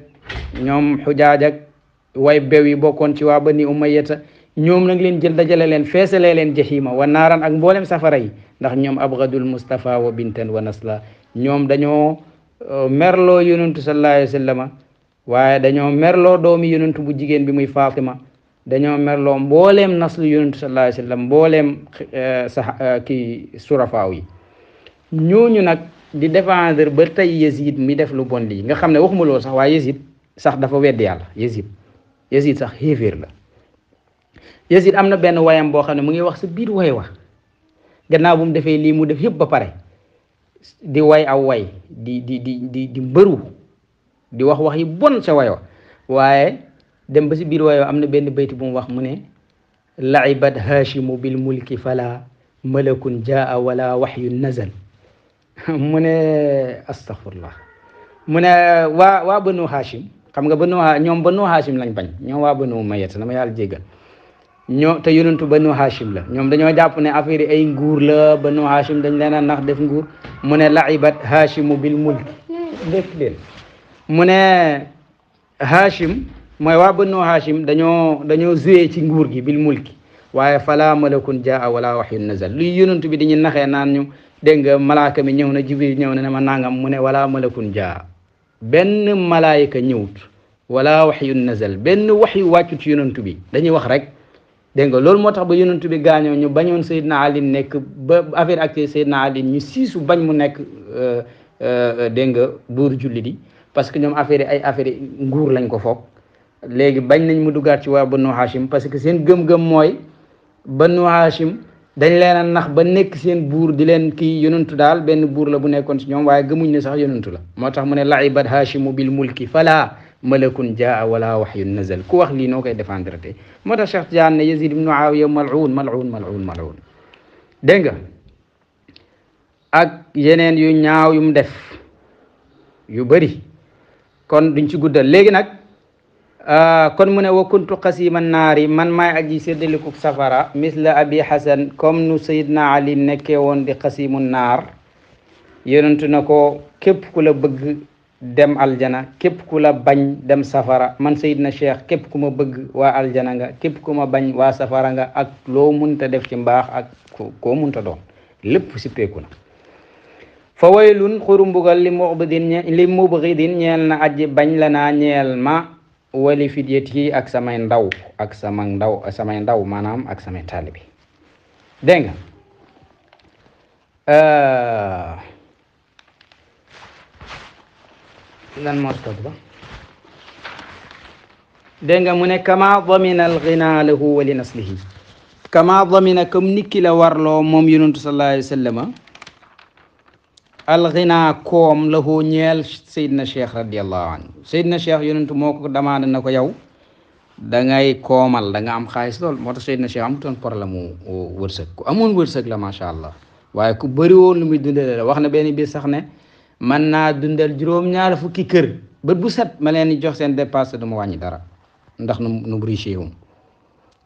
S1: ñoom xujaaj ak way bew yi bokkoon ci waa bani umayata ñoom nag leen jël dajale leen feesalee leen jahima wa naaran ak mboolem safara yi ndax ñoom abgadul mustafa wa bintan wa nasla ñoom dañoo merloo yonentu sallallahu alayhi wa sallama waaye dañoo merloo doomi yonentu bu jigéen bi muy fatima dañoo merloo mbooleem naslu yonentu sallallahu alayhi wa sallam mbooleem sax kii surafaaw yi ñooñu nag di défendre ba tey Yezid mi def lu bon lii nga xam ne ma loolu sax waaye Yezid sax dafa weddi yàlla Yezid Yezid sax xéeféer la Yezid am na benn wayam boo xam ne mu ngi wax sa biir way wax gannaaw bu mu defee lii mu def yëpp ba pare di way aw way di di di di di mbëru di wax wax yi bon sa way waaye dem ba si biir way am na benn bayti bu mu wax mu ne laibat haashimu bil mulki fala malakun jaa wala waxyun nazal mu ne astaghfirullah mu ne waa waa banu Hachim xam nga banu ñoom banu Hachim lañ bañ ñoom waa banu Mayet na ma yàlla jéggal ñoo te yonentu banu Hachim la ñoom dañoo jàpp ne affaire yi ay nguur la banu Hachim dañ leen a nax def nguur mu ne laibat Hachimu bil mulki def leen mu ne Hachim mooy waa banu Hachim dañoo dañoo joué ci nguur gi bil mulki waaye fala malakun jaa wala wahyun nazal luy yonentu bi dañu naxee naan ñu dégg nga malaaka mi ñëw na jibril ñëw na ne ma nangam mu ne wala malakun jaa benn malaayika ñëwut wala waxyun nazal benn wax waxyu wàccut yonantu bi dañuy wax rek dégg nga loolu moo tax ba yonantu bi gaañoo ñu bañoon Seydina Ali nekk ba affaire ak Seydina Ali ñu siisu bañ mu nekk euh, euh, dégg nga buur julli di parce que ñoom affaire ay affaire nguur lañ ko foog léegi bañ nañ mu dugaat ci waa Banu Hashim parce que seen gëm-gëm mooy Banu Hashim dañ leena nax ba nek seen bour di len ki yonentu dal ben bour la bu nekkon ci ñom waye gëmuñ ne sax yonentu la motax mu ne laibat hashim bil mulki fala malakun jaa wala waxyun nazal ku wax li nokay koy défendre te motax Cheikh Tidiane ne Yazid ibn Aawiya mal'un mal'un mal'un mal'un denga ak yenen yu ñaaw yum def yu bari kon duñ ci guddal legi nak Ah, kon mu ne wa kuntu qasima naari man maay aji séddalikub safara misla abi hasan comme nu sayidna ali nekkee woon di qasimu naar yonentu na ko képp ku la bëgg dem aljana képp ku la bañ dem safara man sayidna cheikh képp ku ma bëgg waa aljana nga képp ku ma bañ waa safara nga ak loo munta def ci mbaax ak koo munta doon lépp sippeeku na fa waylun xuru li mubidin li aji bañ la naa wali fidyeti hii ak samay ndaw ak sama ndaw samay ndaw manam ak samay taalibe dégg nga lan moo toog ba denga mune mu ne kama damina alghina lahu wa li naslihi kama dhamina kum nikila warlo mom yunus sallallahu alayhi wasallam alxinaa كوم له نيل سيدنا Seydina رضي الله عنه سيدنا Cheikh يونت موكو دمان نكو ياو دا yow da ngay koomal da nga am xaalis lool moo tax Seydina Cheikh amutoon problème mu wërsëg ku amoon wërsëg la macha allah waaye ku bëri woon lu muy dundale la wax na benn biir sax ne man naa dundal juróom-ñaar fukki kër bët bu set ndax nu nu riche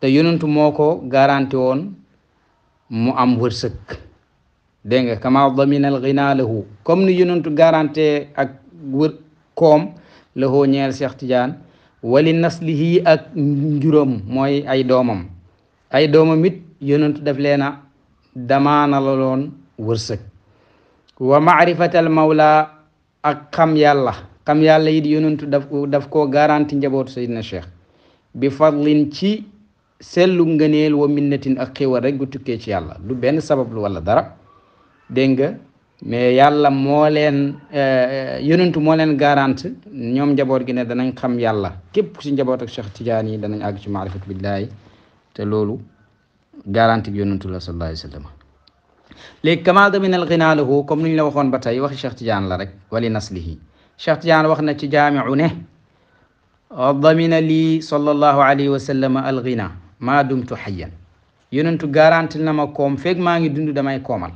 S1: te yonentu moko garantie won mu am wërseuk دينغ كما ضمن الغنى له كم ني يونت غارانتي اك ور كوم له نيل شيخ تيجان ولنسله اك نجورم موي اي دومم اي دومم ميت يونت داف لينا دمان لون ورسك ومعرفه المولى اك خم يالا خم يالا يد يونت داف داف كو غارانتي نجابوت سيدنا شيخ بفضل تي سلو غنيل ومنته اك خيو رك بو توكي تي يالا لو بن سبب لو ولا dégg nga mais yàlla moo leen yonentu moo leen garante ñoom njaboot gi ne danañ xam yàlla képp si njaboot ak Cheikh Tidiane yi danañ àgg ci maarifatu billaahi te loolu garanti bi yonentu la sallallahu alayhi wa sallam léegi kamaal min al ghina lahu ni la waxoon ba tey Cheikh Tidiane la rek wali naslihi Cheikh Tidiane wax na ci jaamiu ne damina sallallahu alayhi wa sallam al ghina maa dumtu hayyan yonentu garanti na ma koom feeg maa ngi dund damay koomal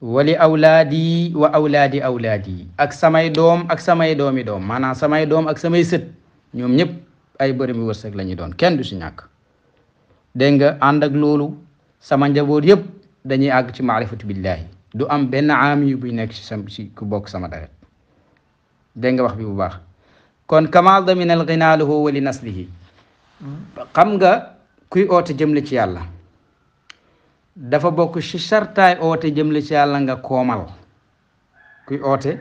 S1: wali awlaadi wa awlaadi awlaadi ak samay doom ak samay doomi doom maanaam samay doom ak samay sët ñoom ñëpp ay bërëmi wërsëg la ñu doon kenn du si ñàkk dégg nga ànd ak loolu sama njaboot yëpp dañuy àgg ci maarifatu billaahi du am benn aami buy nekk ci sam ku bokk sama deret dégg nga wax bi bu baax kon kamal daminal ginaaluhu wali naslihi xam nga kuy oote jëm la ci yàlla dafa bokk ci sartaay oote jëmle ci yàlla nga koomal kuy oote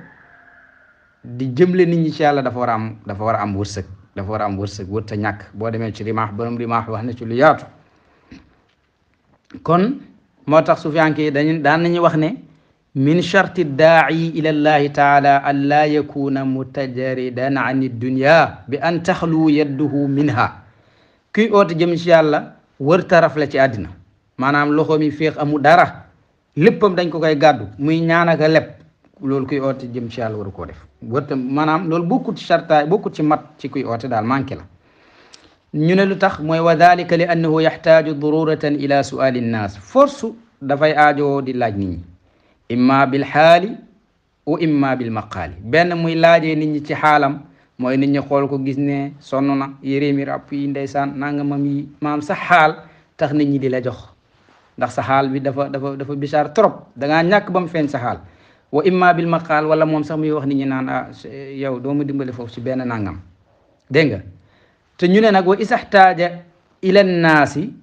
S1: di jëmle nit ñi ci dafa war am dafa war a am wërsëg dafa war a am wërsëg wër ta ñàkk boo demee ci rimaax borom rimaax wax na ci lu yaatu kon moo tax sufiyanke yi dañu daan wax ne min charti daa'i ila llahi taala an laa yakuna mutajaridan an dunya bi an taxlu yadduhu minha kuy oote jëm ci yàlla wër taraf la ci àddina manam loxoom yi féex amu dara léppam dañ ko koy gàddu muy ñaan ak a leb kuy oote jëm ci yàlla waru koo def wërta manam loolu bokku ci sartaay bokku ci mat ci kuy oote daal manki la ñu ne lu tax mooy wa dalika li annahu yahtaju dururatan ila suali nnaas force dafay aajo di laaj nit ñi imma bil xaali wa imma bil maqali benn muy laajee nit ñi ci xaalam mooy nit ñi xool ko gis ne sonn na yéréemi ràpp yi ndeysaan nanga mam yi maam sa xaal tax nit ñi di la jox ndax sa xaal bi dafa dafa dafa bisaar trop da nga ñàkk ba mu sa xaal wa imma bil maqal wala moom sax muy wax nit ñi naan ah eh, yow doo ma dimbali foofu si benn nangam dégg nga te ñu ne nag wa isaxtaaja ila nnaasi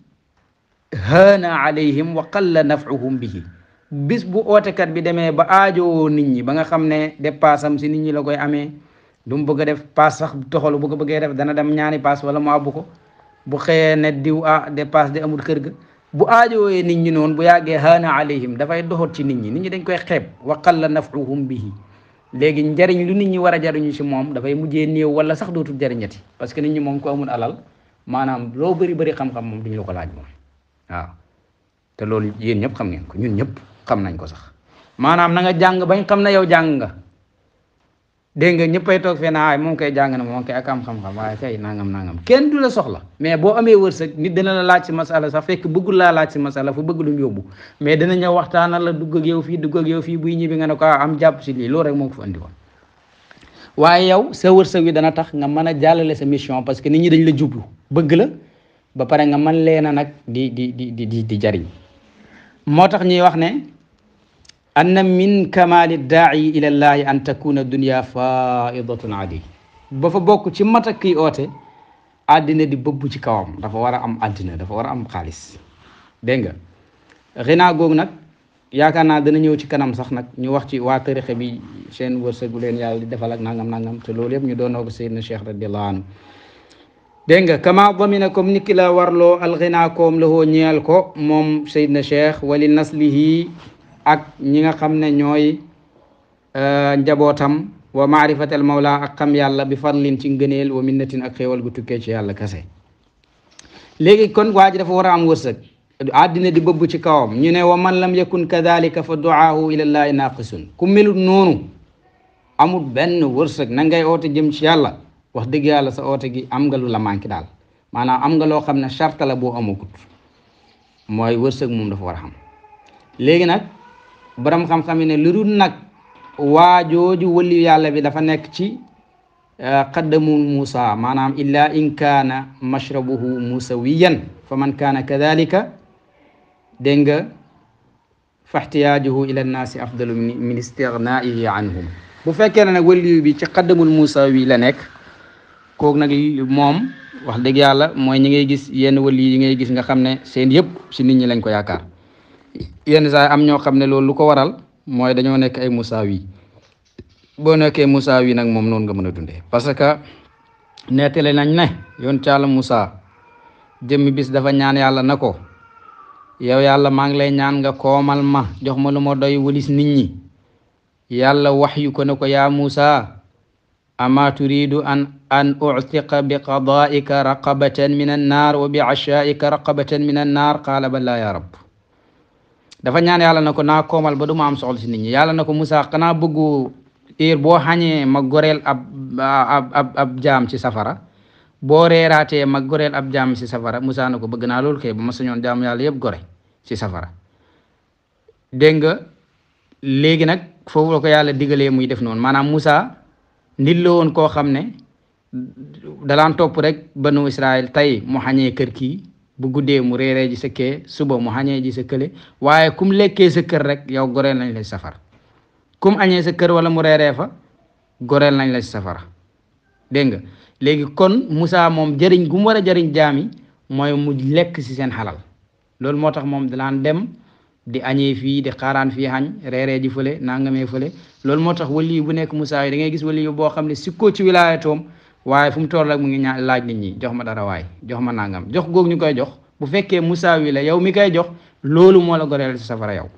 S1: haana alayhim wa qalla nafcuhum bihi bis bu ootekat bi demee ba aajowoo nit ñi ba nga xam ne dépassam si nit ñi la koy amee lu mu bëgg a def paas sax toxalu bu ko bëggee def dana dem ñaani paas wala mu àbbu ko bu xëyee ne diw ah dépass de amul kër ga bu aajowee nit ñi noonu bu yàggee haana alayhim dafay doxot ci nit ñi nit ñi dañ koy xeeb wa qalla naf'uhum bihi léegi njariñ lu nit ñi war a jariñu ci moom dafay mujjee néew wala sax dootul jariñati parce que nit ñi moom ko amul alal maanaam loo bari bëri xam-xam moom duñ la ko laaj moom waaw te loolu yéen ñëpp xam ngeen ko ñun ñëpp xam nañ ko sax maanaam na nga jàng bañ xam na yow jàng nga dégg nga ñëppay toog fee naa moom koy jàng na moom koy ak am xam-xam waaye kay nangam nangam kenn du la soxla mais boo amee wërsëg nit dana la laaj si masala sax fekk bëggul laa laaj si masala fu bëgg lu yóbbu mais dana ñëw waxtaana la dugg yow fii dugg ak yow fii buy ñibbi nga ne ko ah, am jàpp si lii loolu rek moo ko fa andi waaye yow sa wërsëg wi dana tax nga mën a jàllale sa mission parce que nit ñi dañ la jublu bëgg la ba pare nga mën leen a nag di di di di di jariñ moo tax ñuy wax ne أن من كمال الداعي إلى الله أن تكون الدنيا فائضة عدي بفا بوكو تي ماتا كي اوتي ادنا دي بوبو تي كاوام دا فا ورا ام ادنا دا فا ورا ام خالص دنگا غينا غوغ نك ياكانا دا نيو تي كانام صاح نك ني واخ تي وا تاريخ بي سين ورسغولين يال دي دفالك نانغام نانغام تي لول يم ني دونو كو سيدنا شيخ رضي الله عنه دنگا كما ضمنكم نيكلا ak ñi nga xam ne ñooy euh, njabootam wa maarifatal mawla ak xam yàlla bi farlin ci ngëneel wa minnatin ak xéewal gu tukkee ci yàlla kase léegi kon waa ji dafa war a am wërsëg àddina di bëbb ci kawam ñu ne wa man lam yakun kadalika fa duaahu ilallahi naqisun ku melut noonu amul benn wërsëg na ngay oote jëm ci yàlla wax dëgg yàlla sa oote gi am nga lu la manqué daal maanaam am nga loo xam ne charte la boo amagut mooy wërsëg moom dafa war a xam borom xam-xam ne lu dul nag waajooju wëliyu yàlla bi dafa nekk ci qaddamu Musa maanaam illa in kaana mashrabuhu musawiyan fa man kaana kadalika dégg nga fa ixtiyaajuhu ila nnaasi afdalu min istignaaihi anhum bu fekkee ne nag wëliyu bi ci qaddamul wi la nekk kooku nag moom wax dëgg yàlla mooy ñi ngay gis yenn wëliyu yi ngay gis nga xam ne seen yëpp si nit ñi lañ ko yaakaar yenn saa am ñoo xamne loolu lu ko waral moy dañoo nekk ay musaawi boo nekkee musawi nak mom non nga mëna dundé parce que nettali nañ né yon taala musa jëmm bis dafa ñaan yalla nako yow yalla ma ngi lay ñaan nga komal ma jox ma lu doy wulis nit ñi yalla wahyu ko nako ya musa ama turidu an an u'tiqa bi qadaika raqabatan min nar wa bi ashaika raqabatan minan nar qala bal la ya rabb dafa ñaan yàlla na ko naa komal ba du ma am soxla si nit ñi yàlla na ko Moussa xanaa bëggu heure boo xañee ma goreel ab jaam ci safara boo reeraatee ma goreel ab jaam ci safara Moussa na ko bëgg naa loolu kay ba ma sañoon jaam yàlla yëpp gore ci safara dégg nga léegi nag foofu la ko yàlla diggalee muy def noonu maanaam Moussa nit la woon koo xam ne dalaan topp rek banu Israël tey mu xañee kër kii bu guddee mu réeree ji sa kee suba mu xañee ji sa kële waaye kum lekkee sa kër rek yow goreel nañ la safara kum añee sa kër wala mu reeree fa goreel nañ la safara dégg nga léegi kon Moussa moom jëriñ gu mu war a jëriñ jaam yi mooy mu lekk si seen xalal loolu moo tax moom dalaan dem di añee fii di xaaraan fii xañ reeree ji fële nangamee fële loolu moo tax wali bu nekk Moussa yi da ngay gis wali boo xam ne sikkoo ci wilaayatoom waaye fu mu toll rek mu ngi ñaan laaj nit ñi jox ma dara waay jox ma nangam jox góog ñu koy jox bu fekkee musaawi la yow mi koy jox loolu moo la goreel si safara yow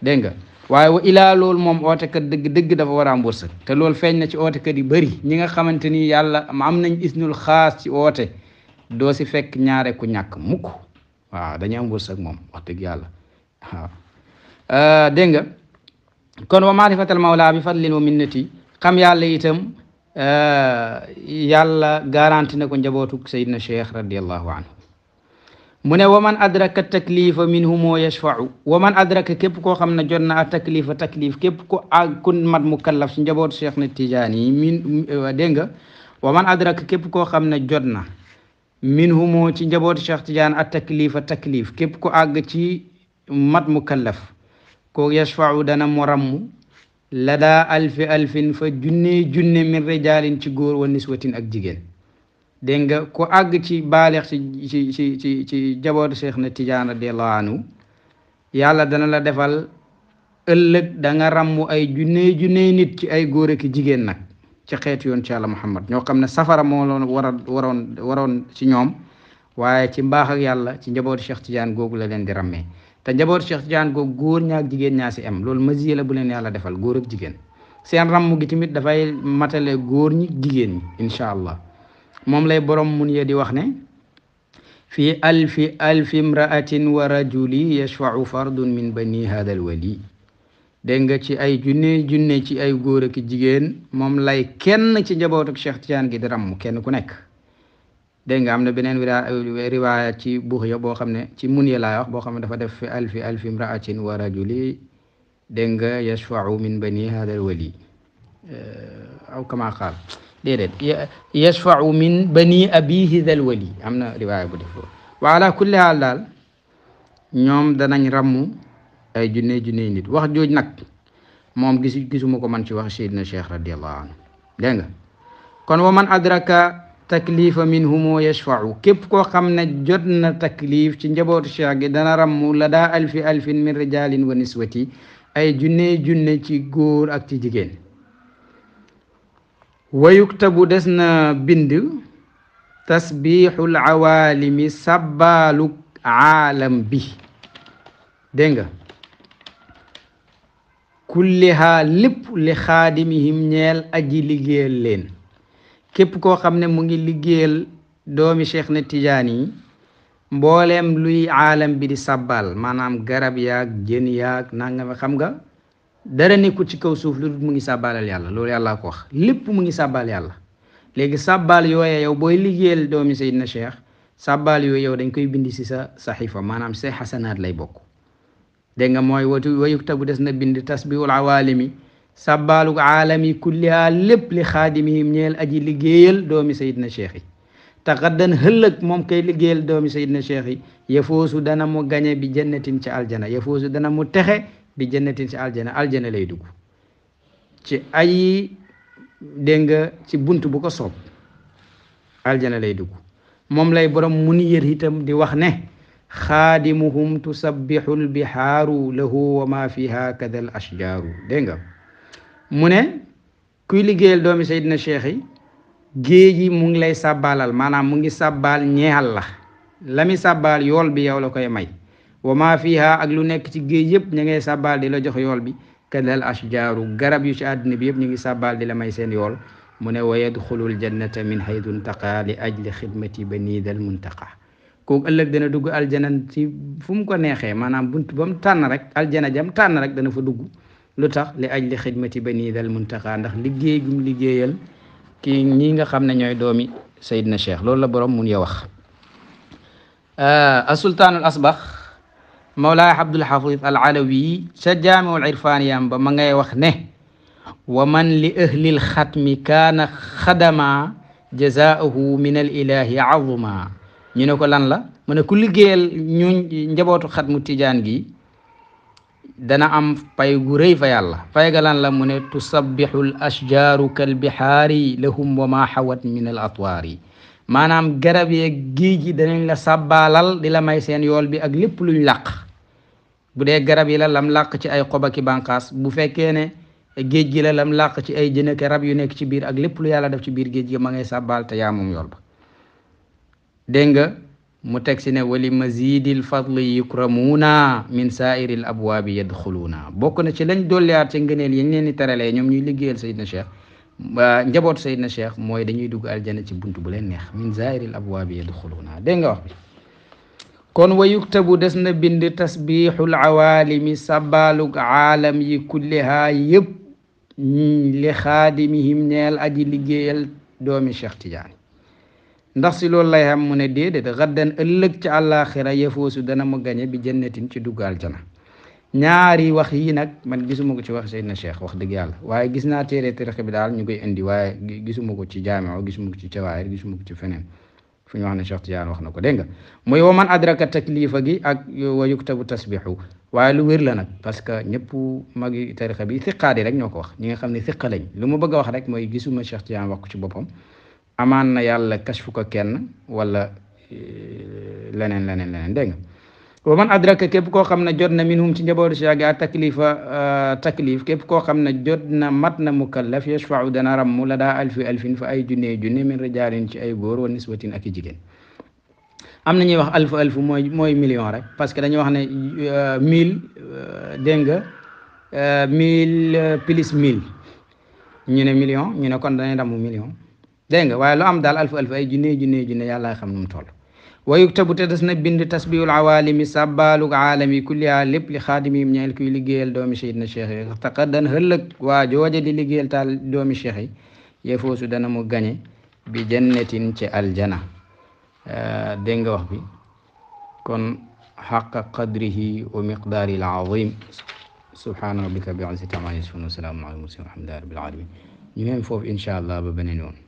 S1: dégg nga waaye wa ilaa loolu moom ootekat dëgg dëgg dafa war a am wërsëg te feeñ na ci ootekat yi bëri ñi nga xamante ni yàlla am nañ isnul xaas ci oote doo si fekk ñaare ku ñàkk mukk waaw dañuy am moom wax dëgg yàlla waaw euh, wa minnati xam yàlla itam Eh, yàlla garanti na ko njabootu sayidna cheikh radiallahu anhu mu ne waman adraka taklifa minhu yashfau waman adraka képp koo xam ne jot na a taklifa képp ko ak kun mat si njabootu cheikh na tijaani yi min eh, dégg nga képp koo xam ne jot na minhu ci njabootu cheikh tijaani a taklifa taklif képp ko àgg ci mat mukallaf ko yashfau dana mu ramm la daa alfi alfin fa junne junne min rijaalin ci góor wa niswatin ak jigéen dégg nga ku àgg ci baaleex ci ci ci ci ci jabootu Cheikh na Tijaan radiyallahu anhu yàlla dana la defal ëllëg danga nga ay junne junne nit ci ay góor ak jigéen nag ci xeetu yoon ci yàlla Muhammad ñoo xam ne safara moo waroon ci ñoom waaye ci mbaax ak yàlla ci njabootu Cheikh Tijaan googu la leen di ràmmee te njaboot Cheikh Tidiane googu góor ñaak jigéen ñaa si am lool masiya la bu leen yàlla defal góor ak jigéen seen ràmm gi tamit dafay matale góor ñi jigéen ñi incha allah moom lay borom mun ye di wax ne fi alfi alfi imraatin wa rajuli yashfau fardun min bani hada alwali dégg nga ci ay junne junne ci ay góor ak jigéen moom lay kenn ci njaboot ak Cheikh Tidiane gi di kenn ku nekk dégg nga am na beneen riwaaya ci Buxya boo xam ne ci mun ya laa wax boo xam ne dafa def fi alfi alfi imraatin wa rajuli dégg nga yashfau min bani hadal wali aw kama qaal déedéet yashfau min bani abihi dal wali am na riwaaya bu def wa ala kulli haal daal ñoom danañ ràmm ay junne junne nit wax jooj nag moom gisu gisuma ko man ci wax Seydina Cheikh radiallahu anhu dégg nga kon wa man adraka تكليف منهم ويشفع كيف كو خمنا جدنا تكليف تي نجبوت شاغي دانا رام لدا الف الف من رجال ونسوتي اي جوني جوني تي غور اك تي جيجين ويكتب دسنا بند تسبيح العوالم سبال عالم بي دينغا كلها لب لخادمهم نيل اجي ليغيل لين képp koo xam ne mu ngi liggéeyal doomi Cheikh na Tijaan yi mbooleem luy aalam bi di sabal maanaam garab yaag jën yaag nangam xam nga dara nekkul ci kaw suuf lu dul mu ngi sàbbaalal yàlla loolu yàlla ko wax lépp mu ngi sabal yàlla léegi sàbbaal yooye yow booy liggéeyal doomi Seydina Cheikh sabal yooyu yow dañ koy bindi si sa saxifa maanaam say xasanaat lay bokk sàbbaalug aalami kulliha lépp li xaadimihim ñeel aji liggéeyal doomi sayidna cheikh yi taxaddan hëllëg moom kay liggéeyal doomi sayidna cheikh yi dana mu gañe bi jannatin ci aljana yafoosu dana mu texe bi jannatin ci aljana aljana lay dugg ci ay dégg nga ci bunt bu ko soob aljana lay dugg moom lay borom mun yër itam di wax ne xaadimuhum tusabbixu lbihaaru lahu wa ma fiha kada al mune kuy liggéeyal doomi Seydina Cheikh yi géej yi mu ngi lay sàbbaalal maanaam mu ngi sàbbaal ñeexal la la mi sàbbaal yool bi yow la koy may wa maa fiha ak lu nekk ci géej yëpp ñu ngay sàbbaal di la jox yool bi kadal ashjaaru garab yu ci àddina bi yëpp ñu ngi sàbbaal di la may seen yool mu ne wa yadxulul jannata min haytu ntaqa li ajli xidmati ba nii dal muntaqa kooku ëllëg dana dugg aljana ci fu mu ko neexee maanaam bunt ba mu tànn rek aljana jam tànn rek dana fa dugg lutax li aj li khidmati bani dal muntaqa ndax liggey gum liggeyal ki ñi nga xamne ñoy doomi sayyidna cheikh lool la borom mun ya wax آه السلطان الأصبخ مولاي عبد الحفيظ العلوي شجام العرفان يامبا ما ngay ومن لأهل الختم كان خدما جزاؤه من الإله عظما ني نكو لان لا من كل جيل ني نجبوتو ختم تيجان جي dana am pay gu rëy fa yàlla pay ga la mu ne tusabbihu l ashjaaru kal bihaari lahum wa ma xawat min al atwaari maanaam garab yeeg géej gi danañ la sabbaalal di la may seen yool bi ak lépp luñ laq bu dee garab yi la lam làq ci ay xob ak i bànqaas bu fekkee ne géej gi la lam làq ci ay jën ak rab yu nekk ci biir ak lépp lu yàlla def ci biir géej gi ma ngay sàbbaal te yaa moom متكسنا ولمزيد الفضل يكرمونا من سائر الابواب يدخلونا بوكنا شي لنج دوليار تي غنيل يي نين نيوم ني ليغيال سيدنا شيخ آه، نجابوت سيدنا شيخ موي دانيي دوغ الجنه تي بونتو بولين نيه من سائر الابواب يدخلونا دينغا واخ كون ويكتبو دسنا بند تسبيح العوالم سبالك عالم كلها يب لخادمهم نيل ادي ليغيال دومي شيخ تيجاني ndax si loolu lay xam mu ne déedéet xaddan ëllëg ci àllaaxira yëfoosu dana mu gañe bi jannatin ci dugg jana ñaari wax yi nag man gisuma ko ci wax Seydina Cheikh wax dëgg yàlla waaye gis naa téere tariqa bi daal ñu koy indi waaye gisuma ko ci jaameo gisuma ko ci cawaayir gisuma ko ci feneen fu ñu wax ne Cheikh Tidiane wax na ko dégg nga muy wa man adraka taklifa gi ak wa yuktabu tasbihu waaye lu wér la nag parce que ñëpp magi tariqa bi siqaat yi rek ñoo ko wax ñi nga xam ne siqa lañ lu mu bëgg a wax rek mooy gisuma Cheikh Tidiane wax ko ci boppam amaan yàlla kashfu ko kenn wala leneen leneen leneen dégg nga wa man adraka képp koo xam ne jot na minhum ci njabootu siaga taklifa taklif képp koo xam ne jot na mat na mukallaf yashfau dana ramm la daa alfi alfin fa ay junne junne min rijalin ci ay góor wa nisbatin ak i jigéen am na ñuy wax alfu alfu mooy mooy million rek parce que dañuy wax ne mille dégg nga mille plus mille ñu ne million ñu ne kon dañuy damu million dégg nga waaye lu am daal alfu alfu ay junne junne junne yàlla xam nu mu toll wa yuktabu te des na bind tasbihul awalimi sabbaalug aalami kulliha lépp li xaadimim ñeel kuy liggéeyal doomi sayidna cheikh yi taqaddan hëllëg waa jooja di liggéeyal taal doomi cheikh yi yefoosu dana mu gañe bi jannatin ci aljana dégg nga wax bi kon xaqa qadrihi wa miqdaari al azim subhaana rabbika bi izzati amma yasifun wa salaamun ala al mursalin walhamdulillahi rabbil alamin ñu neen foofu incha allah ba beneen yoon